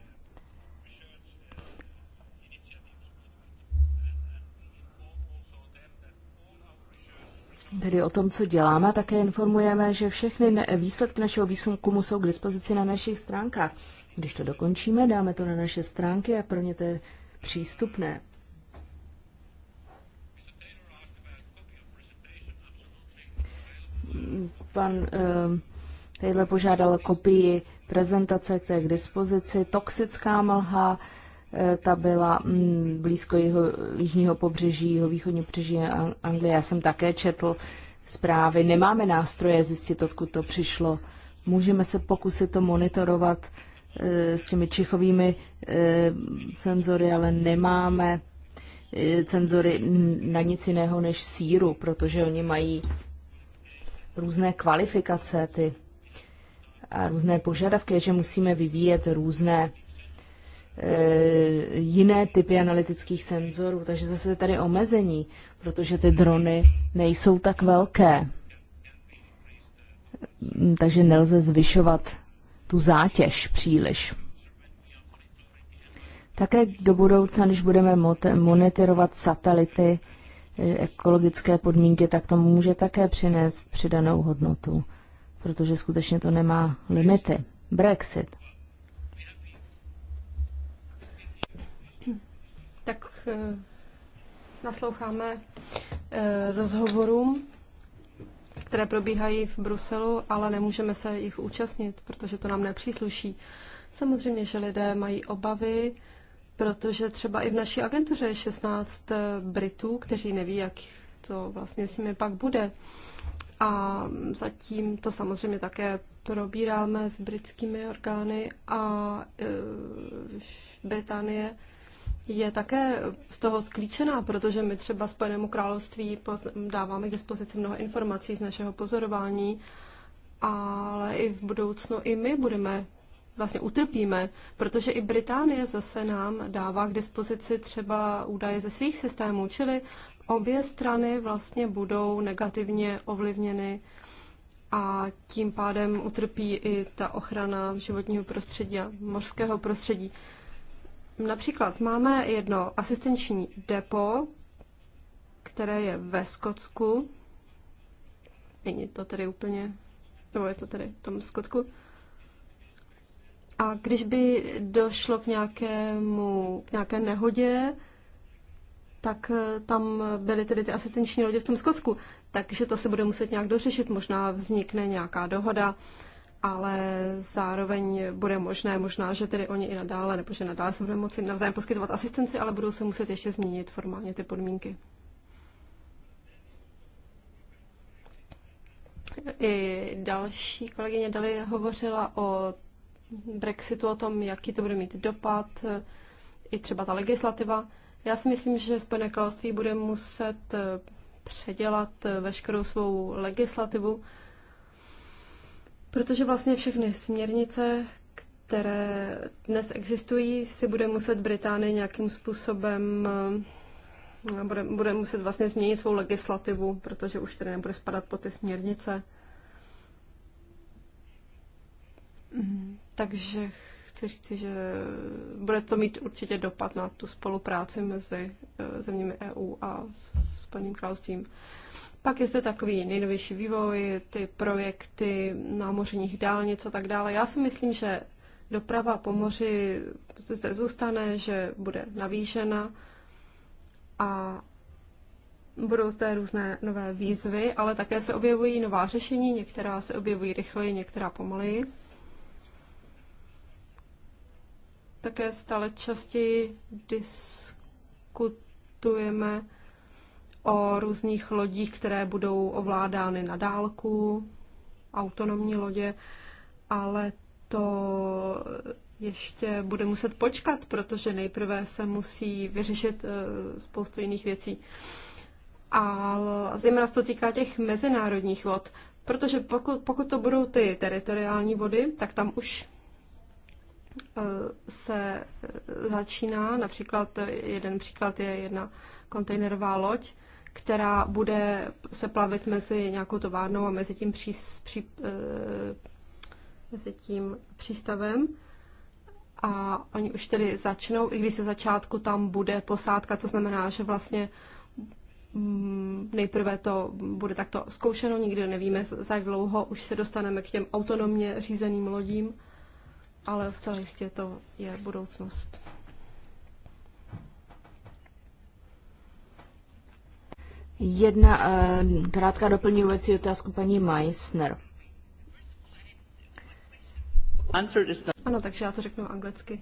Tedy o tom, co děláme, také informujeme, že všechny výsledky našeho výzkumu jsou k dispozici na našich stránkách. Když to dokončíme, dáme to na naše stránky a pro ně to je přístupné. pan ehm, Tadyhle požádal kopii prezentace, které je k dispozici. Toxická mlha, eh, ta byla mm, blízko jeho jižního pobřeží, jeho východního pobřeží Anglie. Já jsem také četl zprávy. Nemáme nástroje zjistit, odkud to přišlo. Můžeme se pokusit to monitorovat eh, s těmi čichovými senzory, eh, ale nemáme senzory na nic jiného než síru, protože oni mají různé kvalifikace, ty a různé požadavky, že musíme vyvíjet různé e, jiné typy analytických senzorů, takže zase je tady omezení, protože ty drony nejsou tak velké. Mm, takže nelze zvyšovat tu zátěž příliš. Také do budoucna, když budeme monitorovat satelity, ekologické podmínky, tak to může také přinést přidanou hodnotu, protože skutečně to nemá limity. Brexit. Tak eh, nasloucháme eh, rozhovorům, které probíhají v Bruselu, ale nemůžeme se jich účastnit, protože to nám nepřísluší. Samozřejmě, že lidé mají obavy, protože třeba i v naší agentuře je 16 eh, Britů, kteří neví, jak to vlastně s nimi pak bude. A zatím to samozřejmě také probíráme s britskými orgány a eh, Británie je také z toho sklíčená, protože my třeba Spojenému království dáváme k dispozici mnoho informací z našeho pozorování, ale i v budoucnu i my budeme vlastně utrpíme, protože i Británie zase nám dává k dispozici třeba údaje ze svých systémů, čili obě strany vlastně budou negativně ovlivněny a tím pádem utrpí i ta ochrana životního prostředí a mořského prostředí. Například máme jedno asistenční depo, které je ve Skotsku. Není to tedy úplně, nebo je to tedy v tom Skotsku. A když by došlo k, nějakému, k nějaké nehodě, tak eh, tam byly tedy ty asistenční lodě v tom Skotsku. Takže to se bude muset nějak dořešit, možná vznikne nějaká dohoda, ale zároveň bude možné, možná, že tedy oni i nadále, nebo že nadále se budou moci navzájem poskytovat asistenci, ale budou se muset ještě změnit formálně ty podmínky. I další kolegyně Dali hovořila o Brexitu, o tom, jaký to bude mít dopad, eh, i třeba ta legislativa. Já si myslím, že Spojené království bude muset eh, předělat eh, veškerou svou legislativu, protože vlastně všechny směrnice, které dnes existují, si bude muset Británie nějakým způsobem bude, bude muset vlastně změnit svou legislativu, protože už tedy nebude spadat pod ty směrnice. Mm. Takže chci říct, že bude to mít určitě dopad na tu spolupráci mezi eh, zeměmi EU a Spojeným královstvím. Pak je zde takový nejnovější vývoj, ty projekty námořních dálnic a tak dále. Já si myslím, že doprava po moři zde zůstane, že bude navýšena a budou zde různé nové výzvy, ale také se objevují nová řešení, některá se objevují rychleji, některá pomaleji. také stále častěji diskutujeme o různých lodích, které budou ovládány na dálku, autonomní lodě, ale to ještě bude muset počkat, protože nejprve se musí vyřešit eh, spoustu jiných věcí. A zejména se to týká těch mezinárodních vod, protože pokud, pokud to budou ty teritoriální vody, tak tam už Eh, se eh, začíná, například eh, jeden příklad je jedna kontejnerová loď, která bude se plavit mezi nějakou továrnou a mezi tím, pří, pří, mezi tím přístavem. A oni už tedy začnou, i když se začátku tam bude posádka, to znamená, že vlastně mm, nejprve to bude takto zkoušeno, nikdy nevíme, za jak dlouho už se dostaneme k těm autonomně řízeným lodím ale zcela jistě to je budoucnost. Jedna uh, krátká doplňující otázku paní Meissner. Ano, takže já to řeknu anglicky.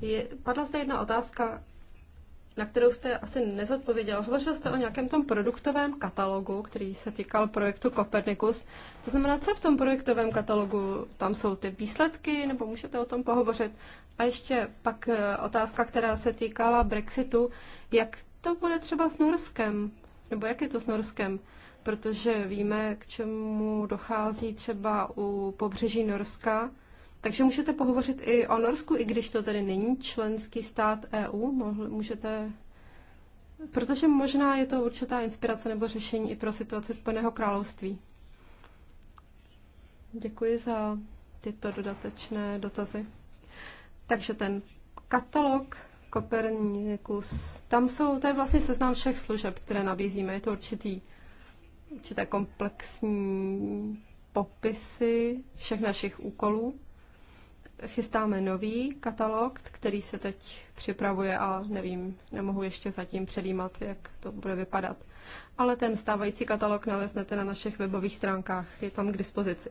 Je, padla zde jedna otázka, na kterou jste asi nezodpověděl. Hovořil jste o nějakém tom produktovém katalogu, který se týkal projektu Copernicus. To znamená, co v tom projektovém katalogu? Tam jsou ty výsledky, nebo můžete o tom pohovořit? A ještě pak eh, otázka, která se týkala Brexitu. Jak to bude třeba s Norskem? Nebo jak je to s Norskem? Protože víme, k čemu dochází třeba u pobřeží Norska, takže můžete pohovořit i o Norsku, i když to tedy není členský stát EU, mohl, můžete Protože možná je to určitá inspirace nebo řešení i pro situaci Spojeného království. Děkuji za tyto dodatečné dotazy. Takže ten katalog Kopernikus, tam jsou, to je vlastně seznam všech služeb, které nabízíme. Je to určitý, určité komplexní popisy všech našich úkolů chystáme nový katalog, který se teď připravuje a nevím, nemohu ještě zatím předjímat, jak to bude vypadat. Ale ten stávající katalog naleznete na našich webových stránkách, je tam k dispozici.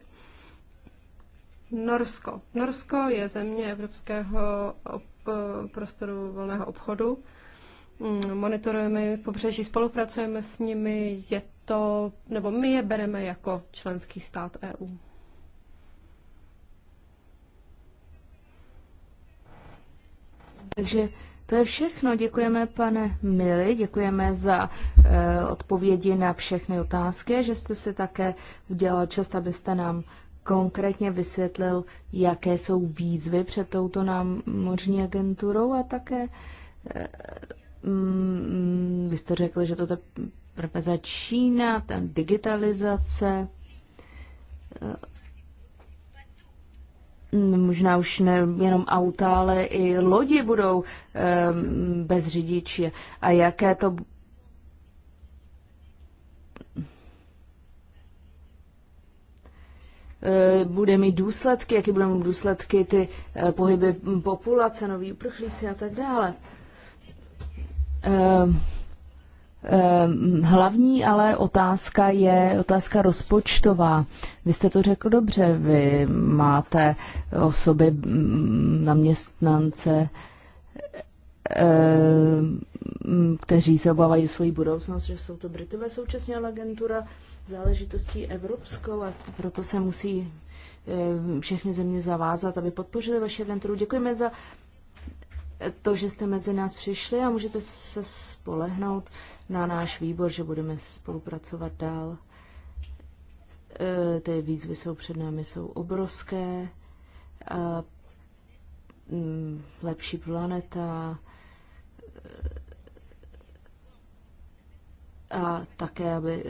Norsko. Norsko je země evropského eh, prostoru volného obchodu. Mm, monitorujeme pobřeží, spolupracujeme s nimi, je to, nebo my je bereme jako členský stát EU. Takže to je všechno. Děkujeme, pane Mili, děkujeme za e, odpovědi na všechny otázky, že jste se také udělal čas, abyste nám konkrétně vysvětlil, jaké jsou výzvy před touto námořní agenturou a také eh, mm, vy jste řekl, že to teprve začíná, ta digitalizace. Eh, Mm, možná už nejenom auta, ale i lodi budou bez řidiče. A jaké to eh, bude mít důsledky, jaké budou mít důsledky ty eh, pohyby populace, noví uprchlíci a tak dále. Ehm, hlavní ale otázka je otázka rozpočtová. Vy jste to řekl dobře, vy máte osoby, mm, městnance, ehm, kteří se obávají svoji budoucnost, že jsou to Britové současně, ale agentura záležitostí evropskou a proto se musí ehm, všechny země zavázat, aby podpořili vaši agenturu. Děkujeme za to, že jste mezi nás přišli a můžete se spolehnout na náš výbor, že budeme spolupracovat dál. E, ty výzvy jsou před námi, jsou obrovské. A mm, lepší planeta a také, aby e,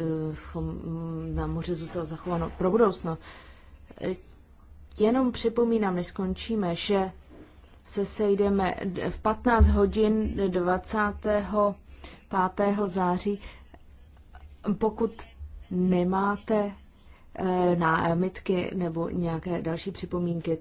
na moře zůstalo zachováno pro budoucnost. E, jenom připomínám, než skončíme, že se sejdeme v 15 hodin 20. 5. září. Pokud nemáte eh, námitky nebo nějaké další připomínky,